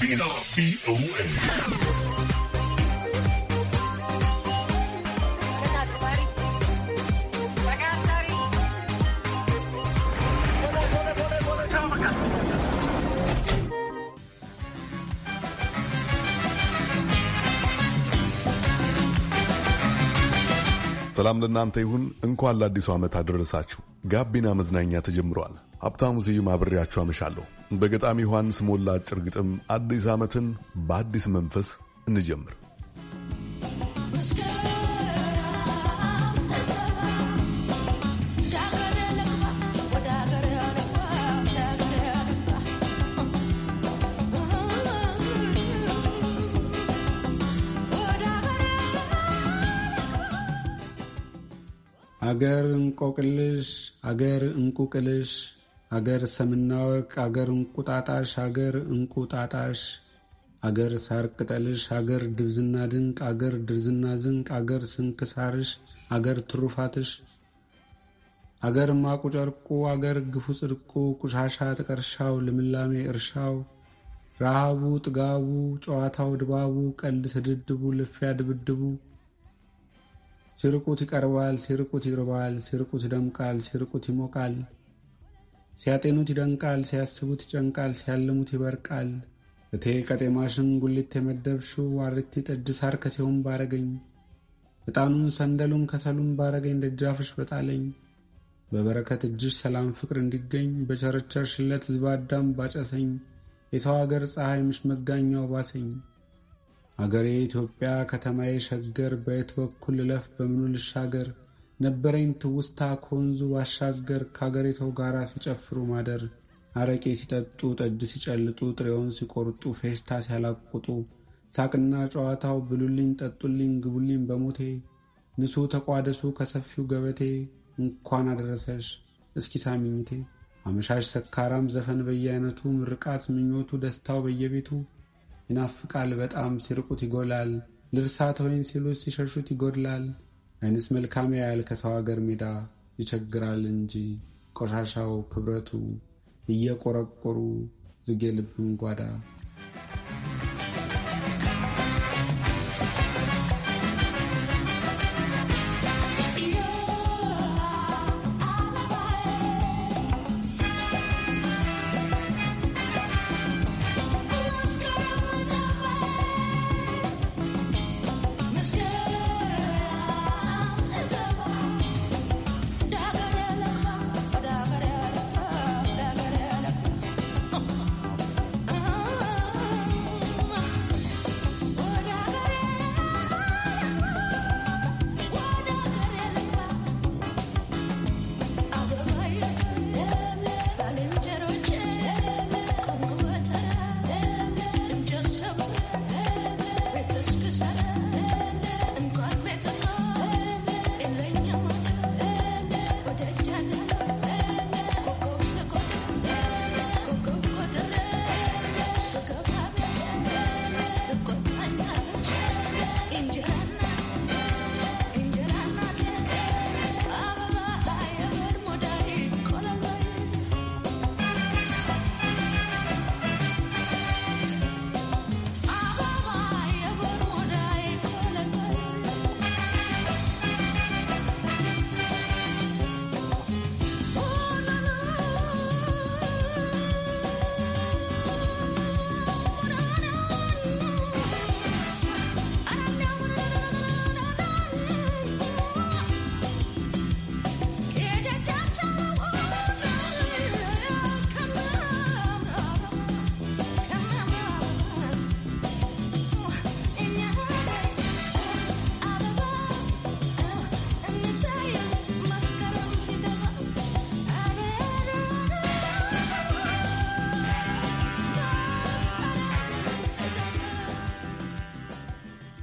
ጋቢና ቪኦኤ ሰላም ለእናንተ ይሁን። እንኳን ለአዲሱ ዓመት አደረሳችሁ። ጋቢና መዝናኛ ተጀምሯል። ሀብታሙ ስዩም አብሬያችሁ አመሻለሁ። በገጣሚ ዮሐንስ ሞላ አጭር ግጥም አዲስ ዓመትን በአዲስ መንፈስ እንጀምር። አገር እንቆቅልሽ አገር እንቁቅልሽ አገር ሰምና ወርቅ፣ አገር እንቁጣጣሽ፣ አገር እንቁጣጣሽ፣ አገር ሳር ቅጠልሽ፣ አገር ድብዝና ድንቅ፣ አገር ድርዝና ዝንቅ፣ አገር ስንክሳርሽ፣ አገር ትሩፋትሽ፣ አገር ማቁ ጨርቁ፣ አገር ግፉ ጽድቁ፣ ቁሻሻ ጥቀርሻው፣ ልምላሜ እርሻው፣ ረሃቡ ጥጋቡ፣ ጨዋታው ድባቡ፣ ቀልድ ስድድቡ፣ ልፊያ ድብድቡ ሲርቁት ይቀርባል፣ ሲርቁት ይርባል፣ ሲርቁት ይደምቃል፣ ሲርቁት ይሞቃል። ሲያጤኑት ይደንቃል፣ ሲያስቡት ይጨንቃል፣ ሲያልሙት ይበርቃል። እቴ ቀጤማሽን ጉሊት የመደብሹ ዋርቲ ጥድ ሳር ከሴውም ባረገኝ ዕጣኑን ሰንደሉን ከሰሉን ባረገኝ ደጃፍሽ በጣለኝ በበረከት እጅሽ ሰላም ፍቅር እንዲገኝ በቸረቸር ሽለት ዝባ ባጨሰኝ የሰው አገር ምሽ መጋኛው ባሰኝ አገሬ ኢትዮጵያ ከተማዬ ሸገር በየት በኩል ልለፍ በምኑ ልሻገር ነበረኝ ትውስታ ከወንዙ ባሻገር ከአገሪተው ጋር ሲጨፍሩ ማደር አረቄ ሲጠጡ፣ ጠጅ ሲጨልጡ፣ ጥሬውን ሲቆርጡ፣ ፌሽታ ሲያላቁጡ፣ ሳቅና ጨዋታው ብሉልኝ፣ ጠጡልኝ፣ ግቡልኝ በሞቴ ንሱ ተቋደሱ ከሰፊው ገበቴ እንኳን አደረሰሽ እስኪ ሳሚኝቴ አመሻሽ ሰካራም ዘፈን በየአይነቱ ምርቃት ምኞቱ ደስታው በየቤቱ ይናፍቃል በጣም ሲርቁት ይጎላል ልርሳት ወይን ሲሉት ሲሸሹት ይጎድላል አይነት መልካም ያህል ከሰው ሀገር ሜዳ ይቸግራል እንጂ ቆሻሻው ክብረቱ እየቆረቆሩ ዝጌ ልብን ጓዳ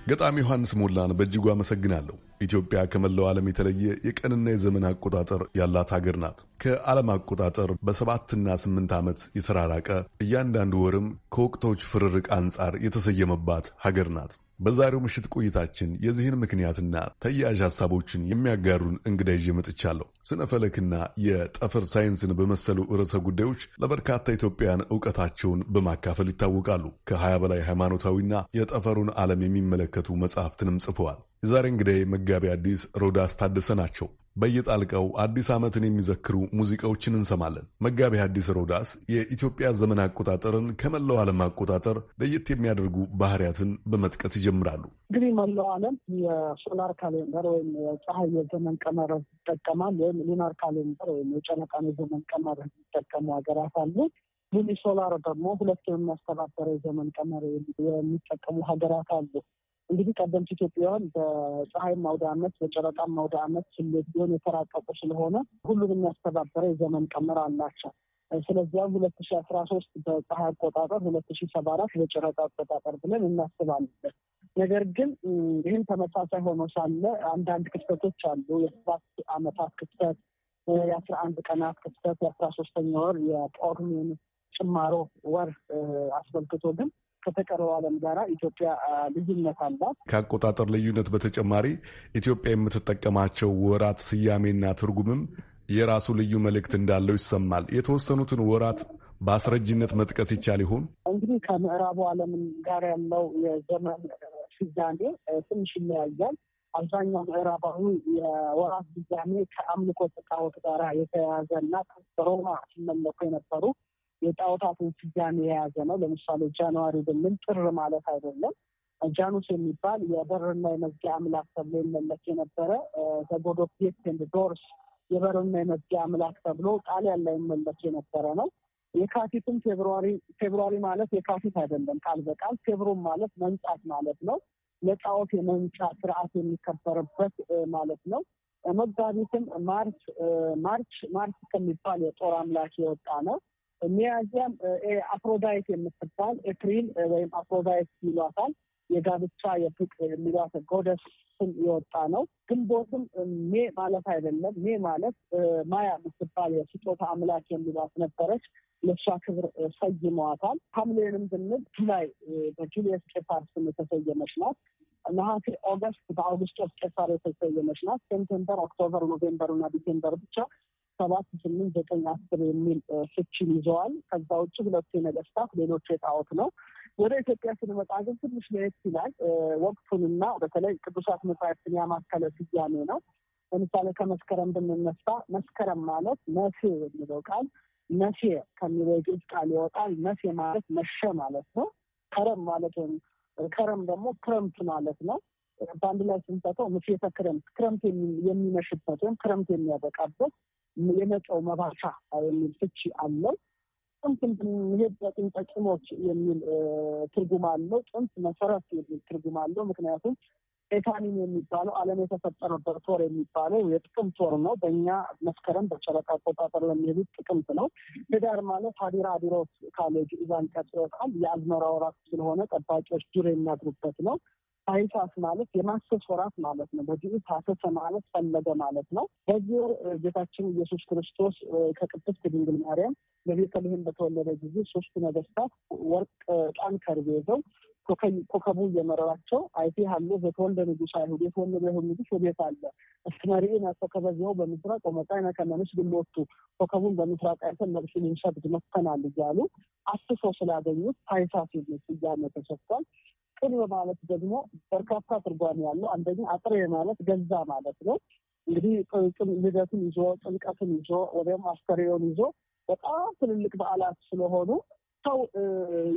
ገጣሚ ዮሐንስ ሞላን በእጅጉ አመሰግናለሁ። ኢትዮጵያ ከመላው ዓለም የተለየ የቀንና የዘመን አቆጣጠር ያላት ሀገር ናት። ከዓለም አቆጣጠር በሰባትና ስምንት ዓመት የተራራቀ እያንዳንዱ ወርም ከወቅቶች ፍርርቅ አንጻር የተሰየመባት ሀገር ናት። በዛሬው ምሽት ቆይታችን የዚህን ምክንያትና ተያያዥ ሀሳቦችን የሚያጋሩን እንግዳ ይዤ መጥቻለሁ። ስነ ፈለክና የጠፈር ሳይንስን በመሰሉ ርዕሰ ጉዳዮች ለበርካታ ኢትዮጵያን እውቀታቸውን በማካፈል ይታወቃሉ። ከሀያ በላይ ሃይማኖታዊና የጠፈሩን ዓለም የሚመለከቱ መጽሐፍትንም ጽፈዋል። የዛሬ እንግዳይ መጋቢ አዲስ ሮዳስ ታደሰ ናቸው። በየጣልቃው አዲስ ዓመትን የሚዘክሩ ሙዚቃዎችን እንሰማለን። መጋቢ ሐዲስ ሮዳስ የኢትዮጵያ ዘመን አቆጣጠርን ከመላው ዓለም አቆጣጠር ለየት የሚያደርጉ ባህሪያትን በመጥቀስ ይጀምራሉ። እንግዲህ መላው ዓለም የሶላር ካሌንደር ወይም የፀሐይ የዘመን ቀመር ይጠቀማል። ወይም ሉናር ካሌንደር ወይም የጨረቃን የዘመን ቀመር የሚጠቀሙ ሀገራት አሉ። ሉኒሶላር ደግሞ ሁለቱ የሚያስተባበረ የዘመን ቀመር የሚጠቀሙ ሀገራት አሉ። እንግዲህ ቀደምት ኢትዮጵያውያን በፀሐይም ማውደ ዓመት በጨረቃ ማውደ ዓመት ስሌት ቢሆን የተራቀቁ ስለሆነ ሁሉም የሚያስተባበረ የዘመን ቀመር አላቸው። ስለዚያም ሁለት ሺ አስራ ሶስት በፀሐይ አቆጣጠር ሁለት ሺ ሰባ አራት በጨረቃ አቆጣጠር ብለን እናስባለን። ነገር ግን ይህም ተመሳሳይ ሆኖ ሳለ አንዳንድ ክስተቶች አሉ። የሰባት ዓመታት ክስተት፣ የአስራ አንድ ቀናት ክስተት፣ የአስራ ሶስተኛ ወር የጳጉሜን ጭማሮ ወር አስመልክቶ ግን ከተቀረው ዓለም ጋራ ኢትዮጵያ ልዩነት አላት። ከአቆጣጠር ልዩነት በተጨማሪ ኢትዮጵያ የምትጠቀማቸው ወራት ስያሜና ትርጉምም የራሱ ልዩ መልእክት እንዳለው ይሰማል። የተወሰኑትን ወራት በአስረጅነት መጥቀስ ይቻል ይሆን? እንግዲህ ከምዕራቡ ዓለም ጋር ያለው የዘመን ስያሜ ትንሽ ይለያያል። አብዛኛው ምዕራባዊ የወራት ስያሜ ከአምልኮ ተቃወት ጋር የተያያዘ እና ሮማ ሲመለኩ የነበሩ የጣዖታትን ስያሜ የያዘ ነው። ለምሳሌ ጃንዋሪ ብንል ጥር ማለት አይደለም። ጃኑስ የሚባል የበርና የመዝጊያ አምላክ ተብሎ ይመለክ የነበረ በጎድ ኦፍ ጌትስ ኤንድ ዶርስ የበርና የመዝጊያ አምላክ ተብሎ ጣሊያን ላይ ይመለክ የነበረ ነው። የካቲትም ፌብሩዋሪ ፌብሩዋሪ ማለት የካቲት አይደለም ቃል በቃል ፌብሩም ማለት መንጻት ማለት ነው። ለጣዖት የመንጫ ስርዓት የሚከበርበት ማለት ነው። መጋቢትም ማርች ማርች ማርች ከሚባል የጦር አምላክ የወጣ ነው። ሚያዚያም አፍሮዳይት የምትባል ኤፕሪል ወይም አፍሮዳይት ይሏታል የጋብቻ የፍቅ የሚሏት ጎደስ ስም የወጣ ነው። ግንቦትም ሜ ማለት አይደለም። ሜ ማለት ማያ የምትባል የስጦታ አምላክ የሚሏት ነበረች። ለእሷ ክብር ሰይመዋታል። ሐምሌንም ብንል ጁላይ በጁልየስ ቄሳር ስም የተሰየመች ናት። ነሐሴ ኦገስት በአውግስጦስ ቄሳር የተሰየመች ናት። ሴፕቴምበር፣ ኦክቶበር፣ ኖቬምበር እና ዲሴምበር ብቻ ሰባት፣ ስምንት፣ ዘጠኝ፣ አስር የሚል ፍችን ይዘዋል። ከዛ ውጭ ሁለቱ የነገስታት ሌሎቹ የጣዖት ነው። ወደ ኢትዮጵያ ስንመጣ ግን ትንሽ ለየት ይላል። ወቅቱንና በተለይ ቅዱሳት መጽሐፍትን ያማከለ ስያሜ ነው። ለምሳሌ ከመስከረም ብንነሳ መስከረም ማለት መሴ የሚለው ቃል መሴ ከሚለው የግዕዝ ቃል ይወጣል። መሴ ማለት መሸ ማለት ነው። ከረም ማለት ወይም ከረም ደግሞ ክረምት ማለት ነው። በአንድ ላይ ስንሰተው ምሴተ ክረምት፣ ክረምት የሚመሽበት ወይም ክረምት የሚያበቃበት የመጫው መባቻ የሚል ፍቺ አለው። ጥንት መሄድ በጥንተ ቂሞች የሚል ትርጉም አለው። ጥንት መሰረት የሚል ትርጉም አለው። ምክንያቱም ኤታኒን የሚባለው ዓለም የተፈጠረበት ወር የሚባለው የጥቅምት ወር ነው። በእኛ መስከረም በጨረቃ አቆጣጠር ለሚሄዱት ጥቅምት ነው። ህዳር ማለት ሀዲራ አዲሮስ ካሌጅ ኢዛን ቀጥ ይወጣል። የአዝመራ ወራት ስለሆነ ጠባቂዎች ዱር የሚያድሩበት ነው። አይሳት ማለት የማሰስ ወራት ማለት ነው። በዚህ ታሰሰ ማለት ፈለገ ማለት ነው። በዚህ ወር ጌታችን ኢየሱስ ክርስቶስ ከቅድስት ድንግል ማርያም በቤተልሔም በተወለደ ጊዜ ሶስቱ ነገስታት ወርቅ ጣን ከርቤ ይዘው ኮከቡ እየመረራቸው አይቴ አለ በተወልደ ንጉሥ አይሁድ የተወለደ አይሁድ ንጉሥ ወዴት አለ እስመሪኤ ናቶ ከበዚያው በምስራቅ ወመቃዕነ ከመ ንስግድ ኮከቡን በምስራቅ አይተን ለቅሶ ልንሰግድ መጥተናል እያሉ አስሶ ስላገኙት ታኅሳስ የሚል ስያሜ ተሰጥቷል። ቅል በማለት ደግሞ በርካታ ትርጓሜ ያለው አንደኛ አጥሬ ማለት ገዛ ማለት ነው። እንግዲህ ልደትን ይዞ ጥምቀትን ይዞ ወይም አስተሬውን ይዞ በጣም ትልልቅ በዓላት ስለሆኑ ሰው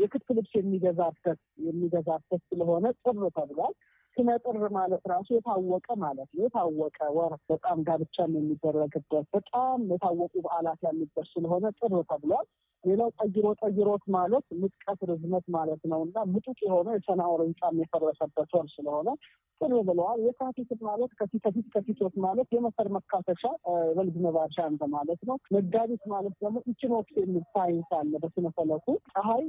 የክት ልብስ የሚገዛበት የሚገዛበት ስለሆነ ጥር ተብሏል። ስነ ጥር ማለት ራሱ የታወቀ ማለት ነው። የታወቀ ወር በጣም ጋብቻ የሚደረግበት በጣም የታወቁ በዓላት ያሉበት ስለሆነ ጥር ተብሏል። ሌላው ጠይሮ ጠይሮት ማለት ምጥቀት ርዝመት ማለት ነው እና ምጡቅ የሆነ የሰናዖር ሕንጻም የፈረሰበት ወር ስለሆነ ጥር ብለዋል። የካቲት ማለት ከፊት ከፊት ከፊቶት ማለት የመሰር መካፈሻ በልግ መባሻ እንደ ማለት ነው። መጋቢት ማለት ደግሞ ኢኪኖክስ የሚል ሳይንስ አለ በስነ ፈለኩ ፀሐይ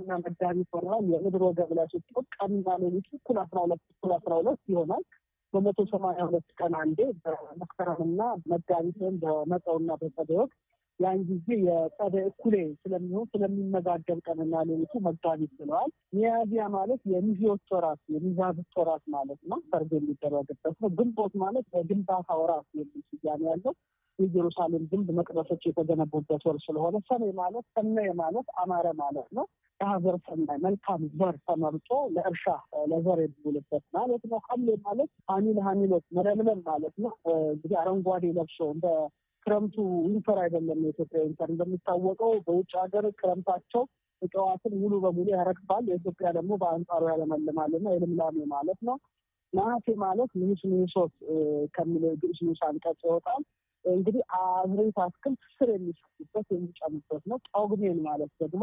እና መጋቢት ሆናል የምድሮ ገብላ ላይ ስትቆጥ ቀንና ሌሊት እኩል አስራ ሁለት እኩል አስራ ሁለት ይሆናል በመቶ ሰማንያ ሁለት ቀን አንዴ በመስከረምና መጋቢት ወይም በመጸውና በጸደይ ወቅት ያን ጊዜ የጸደ እኩሌ ስለሚሆን ስለሚመጋገብ ቀንና ሌሊቱ መጋቢት ብለዋል። ሚያዝያ ማለት የሚዜዎች ወራት የሚዛብት ወራት ማለት ነው። ሰርግ የሚደረግበት ነው። ግንቦት ማለት በግንባታ ወራት የሚል ስያሜ ያለው የኢየሩሳሌም ግንብ መቅደሶች የተገነቡበት ወር ስለሆነ ሰኔ ማለት ሰኔ ማለት አማረ ማለት ነው። ከሀዘር ሰናይ መልካም ዘር ተመርጦ ለእርሻ ለዘር የሚውልበት ማለት ነው። ሐምሌ ማለት ሀሚል ሀሚሎት መለምለም ማለት ነው። እንግዲህ አረንጓዴ ለብሶ እንደ ክረምቱ ዊንተር አይደለም። የኢትዮጵያ ዊንተር እንደሚታወቀው በውጭ ሀገር ክረምታቸው እጽዋትን ሙሉ በሙሉ ያረግፋል። የኢትዮጵያ ደግሞ በአንጻሩ ያለመልማልና የልምላሜ ማለት ነው። ነሐሴ ማለት ንሱ ንሶት ከሚለው ግዕዝ ንዑስ አንቀጽ ይወጣል። እንግዲህ አብሬት አትክልት ስር የሚሰጡበት የሚጨምበት ነው። ጳጉሜን ማለት ደግሞ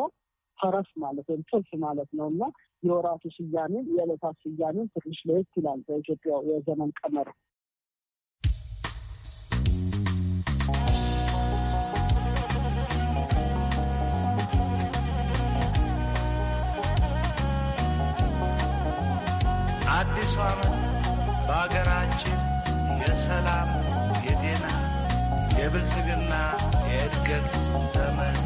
ፈረስ ማለት ወይም ጥልፍ ማለት ነው እና የወራቱ ስያሜን የዕለታት ስያሜን ትንሽ ለየት ይላል በኢትዮጵያ የዘመን ቀመር አዲሱ ዓመት በአገራችን የሰላም፣ የጤና፣ የብልጽግና፣ የእድገት ዘመን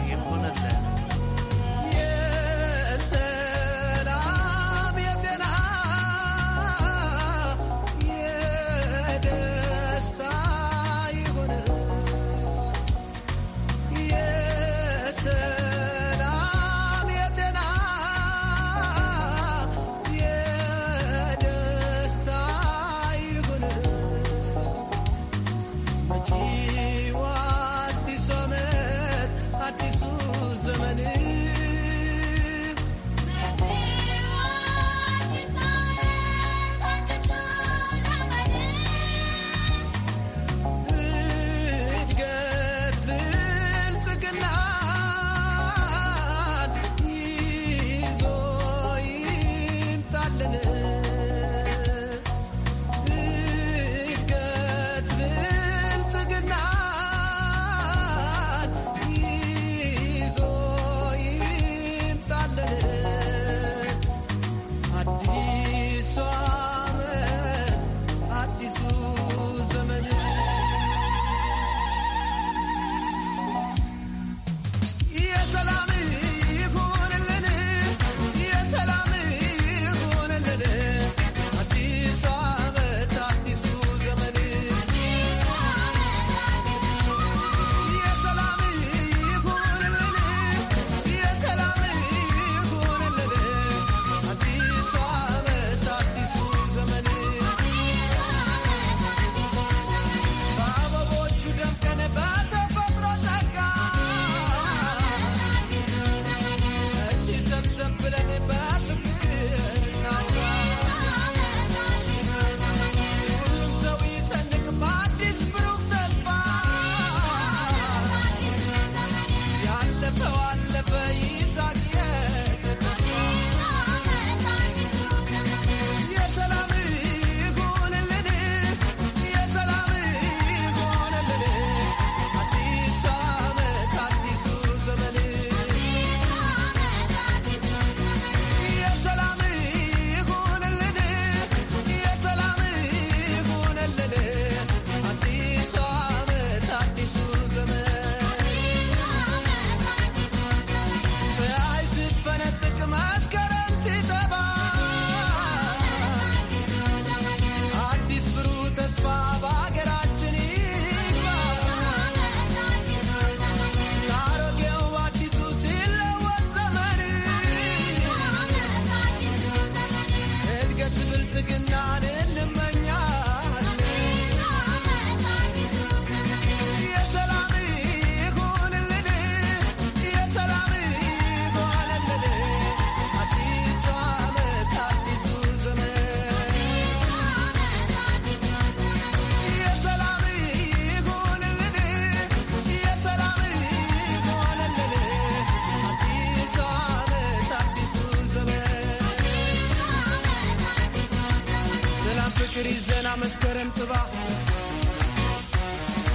እንትባ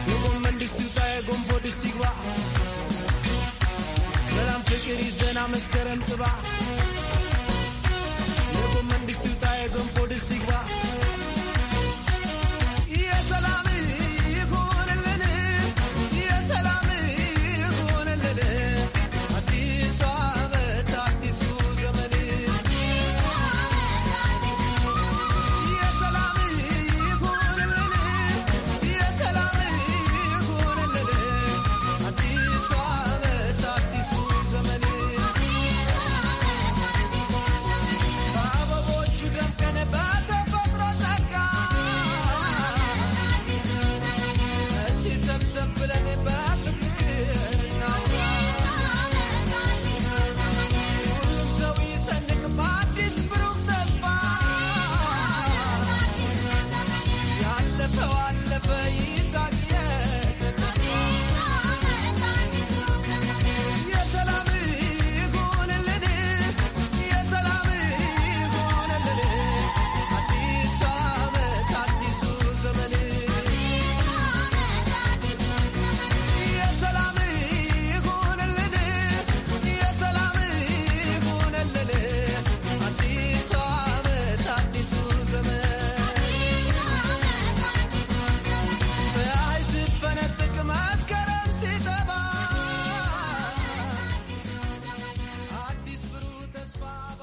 ንጎም መንግስቲ እንታይ ጎንቦ ድስቲ ይግባዕ ሰላም ፍቅር ይዘና መስከ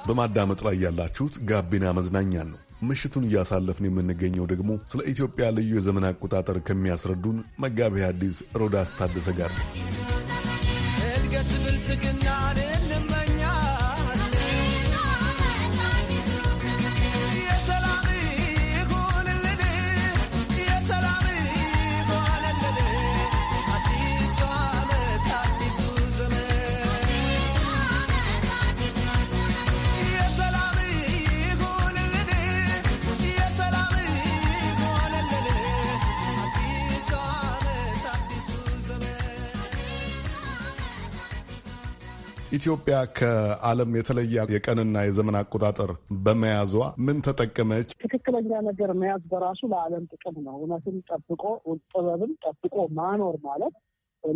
በማዳመጥ ላይ ያላችሁት ጋቢና መዝናኛ ነው። ምሽቱን እያሳለፍን የምንገኘው ደግሞ ስለ ኢትዮጵያ ልዩ የዘመን አቆጣጠር ከሚያስረዱን መጋቢ አዲስ ሮዳስ ታደሰ ጋር ነው። ኢትዮጵያ ከዓለም የተለየ የቀንና የዘመን አቆጣጠር በመያዟ ምን ተጠቀመች? ትክክለኛ ነገር መያዝ በራሱ ለዓለም ጥቅም ነው። እውነትን ጠብቆ ጥበብን ጠብቆ ማኖር ማለት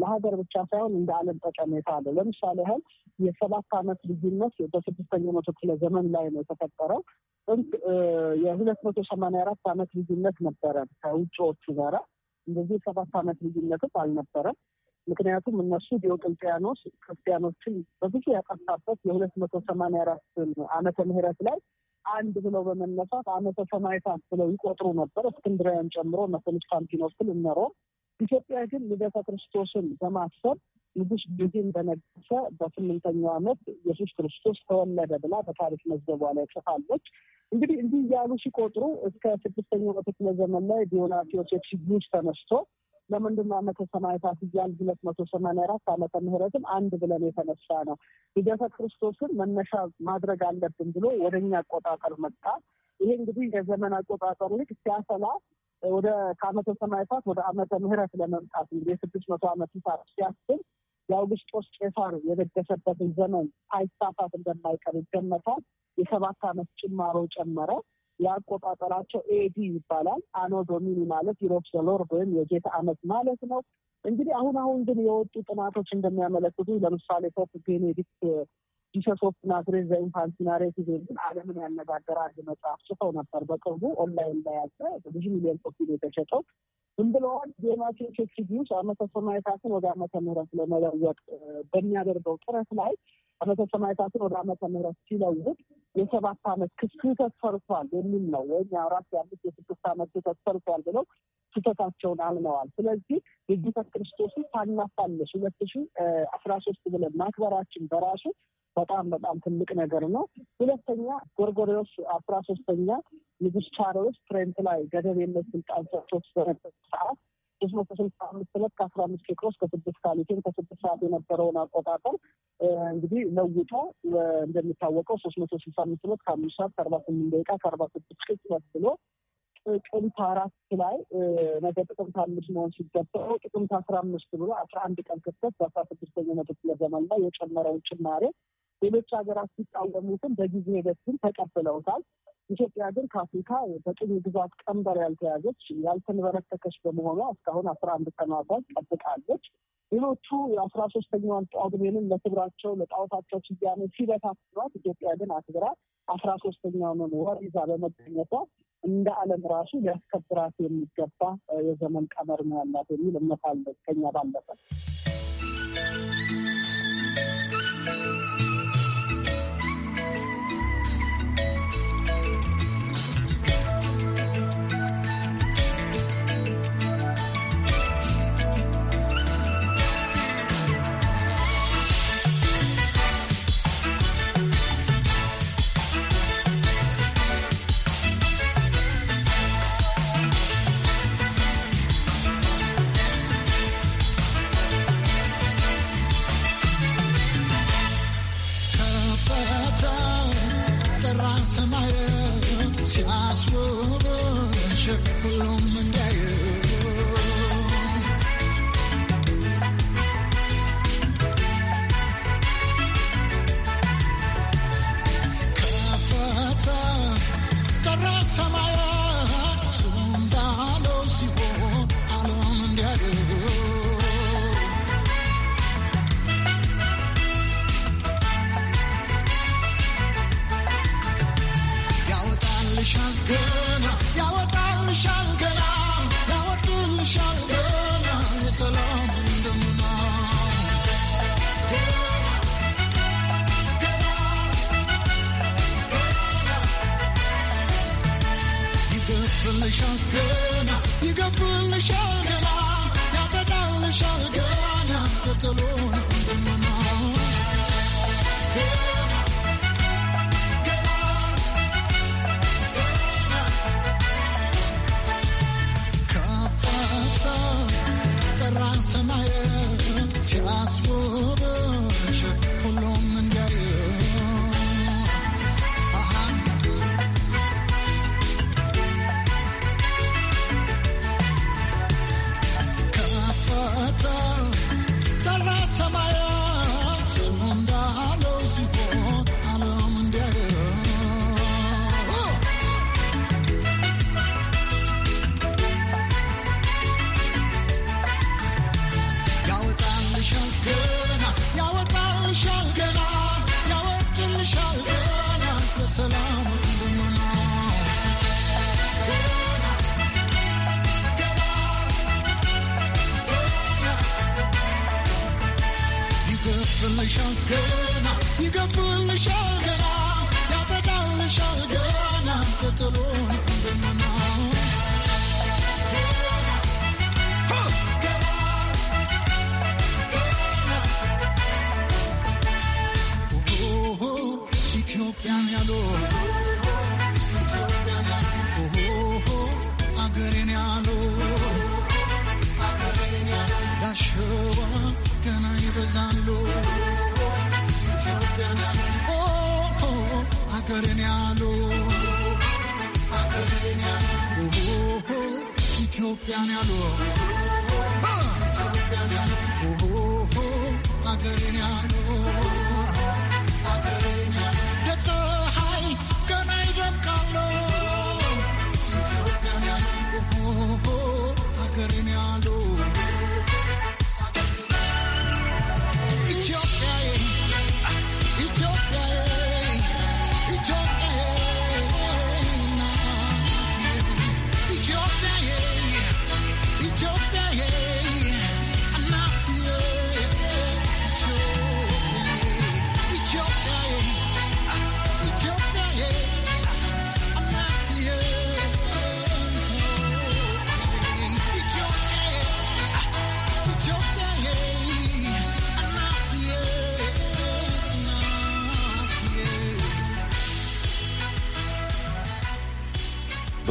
ለሀገር ብቻ ሳይሆን እንደ ዓለም ጠቀሜታ አለው። ለምሳሌ ያህል የሰባት ዓመት ልዩነት በስድስተኛ መቶ ክፍለ ዘመን ላይ ነው የተፈጠረው። የሁለት መቶ ሰማንያ አራት ዓመት ልዩነት ነበረ ከውጭዎቹ ጋራ። እንደዚህ የሰባት ዓመት ልዩነትም አልነበረም። ምክንያቱም እነሱ ዲዮቅልጥያኖስ ክርስቲያኖችን በብዙ ያጠፋበት የሁለት መቶ ሰማንያ አራት አመተ ምህረት ላይ አንድ ብለው በመነሳት አመተ ሰማዕታት ብለው ይቆጥሩ ነበር። እስክንድሪያን ጨምሮ እነ ኮንስታንቲኖፕል እነ ሮም። ኢትዮጵያ ግን ልደተ ክርስቶስን በማሰብ ንጉሥ ጊዜን በነገሰ በስምንተኛው ዓመት ኢየሱስ ክርስቶስ ተወለደ ብላ በታሪክ መዝገቧ ላይ ጽፋለች። እንግዲህ እንዲህ እያሉ ሲቆጥሩ እስከ ስድስተኛው መቶ ክፍለ ዘመን ላይ ዲዮናስዮስ ኤክሲጊዩስ ተነስቶ ለምንድነው አመተ ሰማዕታት እያልን ሁለት መቶ ሰማንያ አራት አመተ ምህረትም አንድ ብለን የተነሳ ነው። ልደተ ክርስቶስን መነሻ ማድረግ አለብን ብሎ ወደ እኛ አቆጣጠር መጣ። ይሄ እንግዲህ የዘመን አቆጣጠሩ ልክ ሲያሰላ ወደ ከአመተ ሰማዕታት ወደ አመተ ምህረት ለመምጣት እንግዲህ የስድስት መቶ አመት ሳር ሲያስብ የአውግስጦስ ቄሳር የደገሰበትን ዘመን ሳይሳሳት እንደማይቀር ይገመታል። የሰባት አመት ጭማሮ ጨመረ። ያቆጣጠራቸው ኤዲ ይባላል። አኖ ዶሚኒ ማለት ዩሮፕ ዘሎርድ ወይም የጌታ አመት ማለት ነው። እንግዲህ አሁን አሁን ግን የወጡ ጥናቶች እንደሚያመለክቱ ለምሳሌ ፖፕ ቤኔዲክት ጂሰስ ኦፍ ናዝሬት ዘኢንፋንቲናሬት ግን ዓለምን ያነጋገረ አንድ መጽሐፍ ጽፈው ነበር። በቅርቡ ኦንላይን ላይ ያለ ብዙ ሚሊዮን ኮፒ የተሸጠው ዝም ብለዋል። ዜማችን ሴክሲዲዩስ አመተ ሰማይታትን ወደ አመተ ምሕረት ለመለወጥ በሚያደርገው ጥረት ላይ ዓመተ ሰማዕታትን ወደ ዓመተ ምሕረት ሲለውጥ የሰባት ዓመት ክሱ ተሰርቷል የሚል ነው። ወይም የአራት የአምስት የስድስት ዓመት ተሰርቷል ብለው ስህተታቸውን አምነዋል። ስለዚህ የጌታ ክርስቶስን ታናፋለሽ ሁለት ሺ አስራ ሶስት ብለን ማክበራችን በራሱ በጣም በጣም ትልቅ ነገር ነው። ሁለተኛ ጎርጎሪዎስ አስራ ሶስተኛ ንጉስ ቻሮስ ትሬንት ላይ ገደብ የለሽ ስልጣን ሰጥቶት በነበረ ሰዓት ስድስት መቶ ስልሳ አምስት ሁለት ከአስራ አምስት እስከ ስድስት ሳሊቲን ከስድስት ሰዓት የነበረውን አቆጣጠር እንግዲህ ለውጦ እንደሚታወቀው ሶስት መቶ ስልሳ አምስት ሁለት ከአምስት ሰዓት ከአርባ ስምንት ደቂቃ ከአርባ ስድስት ቅጽ መስሎ ጥቅምት አራት ላይ ነገ ጥቅምት አምስት መሆን ሲገባው ጥቅምት አስራ አምስት ብሎ አስራ አንድ ቀን ክፍተት በአስራ ስድስተኛው መቶ ክፍለ ዘመን ላይ የጨመረውን ጭማሬ ሌሎች ሀገራት ሲቃወሙትም በጊዜ ሂደት ግን ተቀብለውታል። ኢትዮጵያ ግን ከአፍሪካ በቅኝ ግዛት ቀንበር ያልተያዘች ያልተንበረከከች በመሆኗ እስካሁን አስራ አንድ ቀናቷን ጠብቃለች። ሌሎቹ የአስራ ሶስተኛዋን ጳጉሜንን ለክብራቸው ለጣዖታቸው ስያሜ ሲበታትኗት ኢትዮጵያ ግን አክብራ አስራ ሶስተኛውን ወር ይዛ በመገኘቷ እንደ ዓለም ራሱ ሊያስከብራት የሚገባ የዘመን ቀመር ነው ያላት የሚል እምነት አለ ከኛ ባለፈ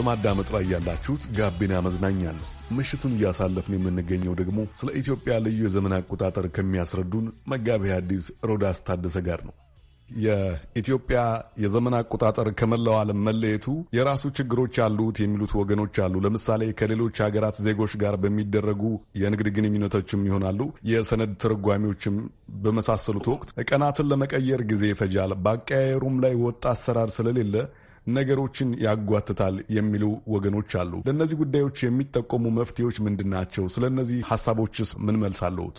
በማዳመጥ ላይ ያላችሁት ጋቢና መዝናኛ ነው። ምሽቱን እያሳለፍን የምንገኘው ደግሞ ስለ ኢትዮጵያ ልዩ የዘመን አቆጣጠር ከሚያስረዱን መጋቢ ሐዲስ ሮዳስ ታደሰ ጋር ነው። የኢትዮጵያ የዘመን አቆጣጠር ከመላው ዓለም መለየቱ የራሱ ችግሮች አሉት የሚሉት ወገኖች አሉ። ለምሳሌ ከሌሎች ሀገራት ዜጎች ጋር በሚደረጉ የንግድ ግንኙነቶችም ይሆናሉ፣ የሰነድ ተረጓሚዎችም በመሳሰሉት ወቅት ቀናትን ለመቀየር ጊዜ ይፈጃል። በአቀያየሩም ላይ ወጥ አሰራር ስለሌለ ነገሮችን ያጓትታል የሚሉ ወገኖች አሉ። ለእነዚህ ጉዳዮች የሚጠቆሙ መፍትሄዎች ምንድን ናቸው? ስለ እነዚህ ሀሳቦችስ ምን መልስ አለሁት?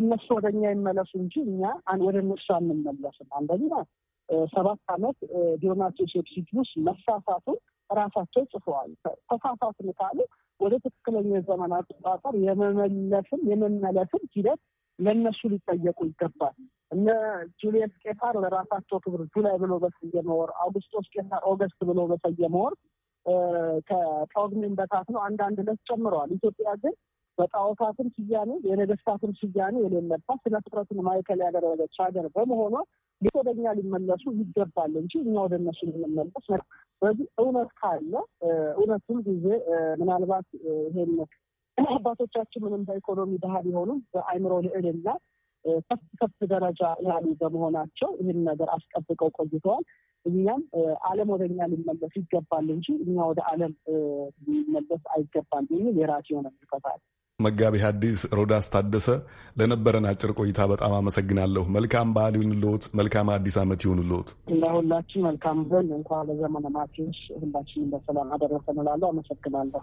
እነሱ ወደ እኛ ይመለሱ እንጂ እኛ ወደ እነሱ አንመለስም። አንደኛ ሰባት ዓመት ዲዮናቴዎስ ውስጥ መሳሳቱን ራሳቸው ጽፈዋል። ተሳሳትን ካሉ ወደ ትክክለኛ ዘመን አቆጣጠር የመመለስም የመመለስም ሂደት ለእነሱ ሊጠየቁ ይገባል። እነ ጁልየስ ቄሳር ለራሳቸው ክብር ጁላይ ብሎ በሰየመ ወር፣ አውግስጦስ ቄሳር ኦገስት ብሎ በሰየመ ወር ከጦግሚን በታት ነው። አንዳንድ ዕለት ጨምረዋል። ኢትዮጵያ ግን በጣዖታትም ስያሜ የነገስታትም ስያሜ የሌለባት ስነ ፍጥረትን ማዕከል ያደረገች ሀገር በመሆኗ ወደ እኛ ሊመለሱ ይገባል እንጂ እኛ ወደ እነሱ ልንመለስ። ስለዚህ እውነት ካለ እውነቱም ጊዜ ምናልባት ይሄን እና አባቶቻችንንም በኢኮኖሚ ድሃ ቢሆኑ በአእምሮ ልዕልና ከፍ ከፍ ደረጃ ያሉ በመሆናቸው ይህን ነገር አስጠብቀው ቆይተዋል። እኛም ዓለም ወደ እኛ ሊመለስ ይገባል እንጂ እኛ ወደ ዓለም ሊመለስ አይገባል የሚል የራሴ የሆነ ምልከታል። መጋቢ ሐዲስ ሮዳስ ታደሰ ለነበረን አጭር ቆይታ በጣም አመሰግናለሁ። መልካም በዓል ይሁንልዎት። መልካም አዲስ ዓመት ይሁንልዎት። ለሁላችን መልካም ዘን እንኳን ለዘመነ ማቴዎስ ሁላችንም በሰላም አደረሰን እላለሁ። አመሰግናለሁ።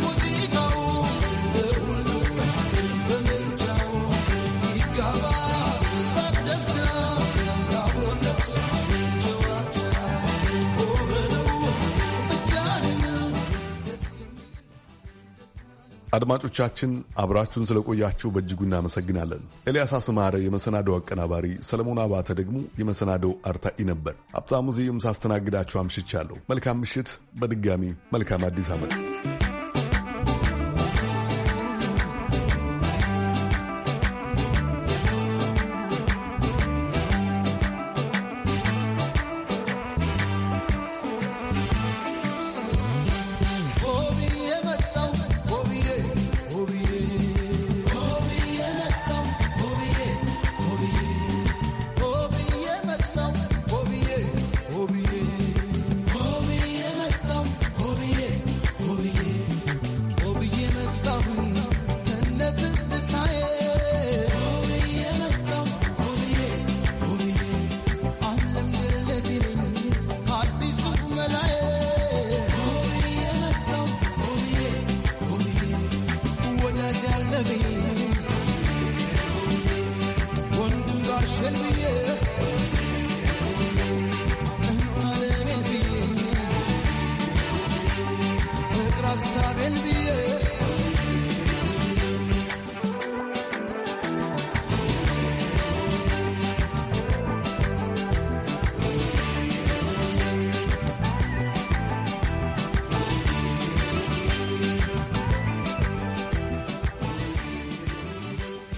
Musik. አድማጮቻችን አብራችሁን ስለቆያችሁ በእጅጉ እናመሰግናለን። ኤልያስ አስማረ የመሰናደው አቀናባሪ፣ ሰለሞን አባተ ደግሞ የመሰናደው አርታኢ ነበር። ሀብታሙ ሙዚየም ሳስተናግዳችሁ አምሽቻለሁ። መልካም ምሽት። በድጋሚ መልካም አዲስ ዓመት።